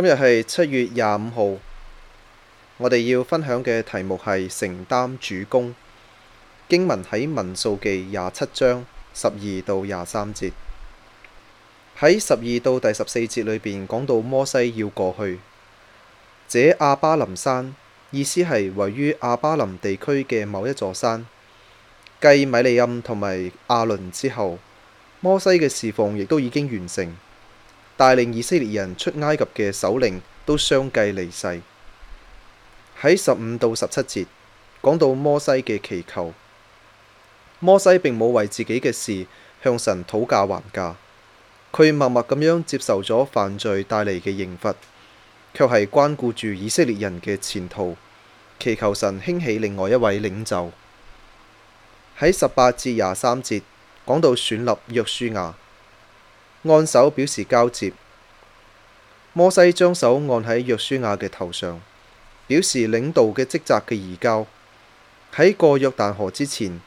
今日係七月廿五號，我哋要分享嘅題目係承擔主工。經文喺民數記廿七章十二到廿三節，喺十二到第十四節裏邊講到摩西要過去這亞巴林山，意思係位於亞巴林地區嘅某一座山。繼米利暗同埋亞倫之後，摩西嘅侍奉亦都已經完成。帶領以色列人出埃及嘅首領都相繼離世。喺十五到十七節講到摩西嘅祈求，摩西並冇為自己嘅事向神討價還價，佢默默咁樣接受咗犯罪帶嚟嘅刑罰，卻係關顧住以色列人嘅前途，祈求神興起另外一位領袖。喺十八至廿三節講到選立約書亞。按手表示交接，摩西將手按喺約書亞嘅頭上，表示領導嘅職責嘅移交。喺過約旦河之前，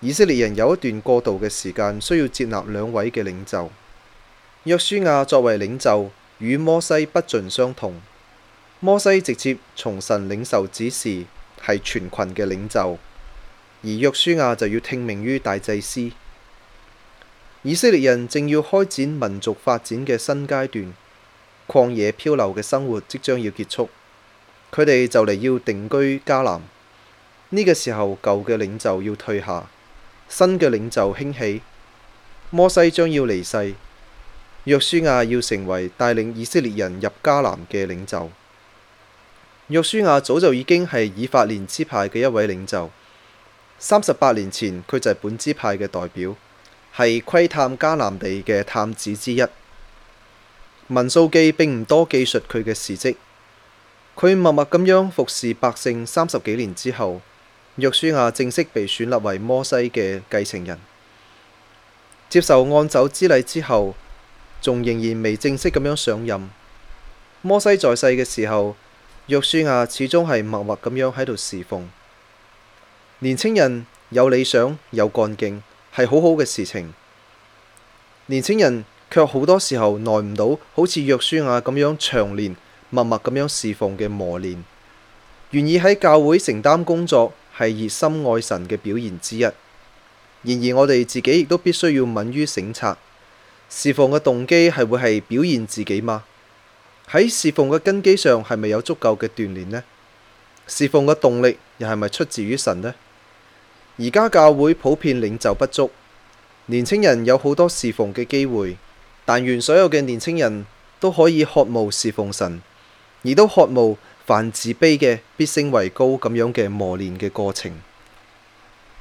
以色列人有一段過渡嘅時間，需要接納兩位嘅領袖。約書亞作為領袖，與摩西不盡相同。摩西直接從神領受指示，係全群嘅領袖，而約書亞就要聽命於大祭司。以色列人正要開展民族發展嘅新階段，曠野漂流嘅生活即將要結束，佢哋就嚟要定居迦南。呢、這個時候，舊嘅領袖要退下，新嘅領袖興起。摩西將要離世，約書亞要成為帶領以色列人入迦南嘅領袖。約書亞早就已經係以法蓮支派嘅一位領袖，三十八年前佢就係本支派嘅代表。係窺探迦南地嘅探子之一。民數記並唔多記述佢嘅事蹟。佢默默咁樣服侍百姓三十幾年之後，約書亞正式被選立為摩西嘅繼承人，接受按手之禮之後，仲仍然未正式咁樣上任。摩西在世嘅時候，約書亞始終係默默咁樣喺度侍奉。年青人有理想，有幹勁，係好好嘅事情，年青人卻好多時候耐唔到，好似約書亞咁樣長年默默咁樣侍奉嘅磨練。願意喺教會承擔工作係熱心愛神嘅表現之一。然而我哋自己亦都必須要敏於省察，侍奉嘅動機係會係表現自己嗎？喺侍奉嘅根基上係咪有足夠嘅鍛鍊呢？侍奉嘅動力又係咪出自於神呢？而家教會普遍領袖不足，年青人有好多侍奉嘅機會，但願所有嘅年青人都可以渴慕侍奉神，而都渴慕凡自卑嘅必升為高咁樣嘅磨練嘅過程。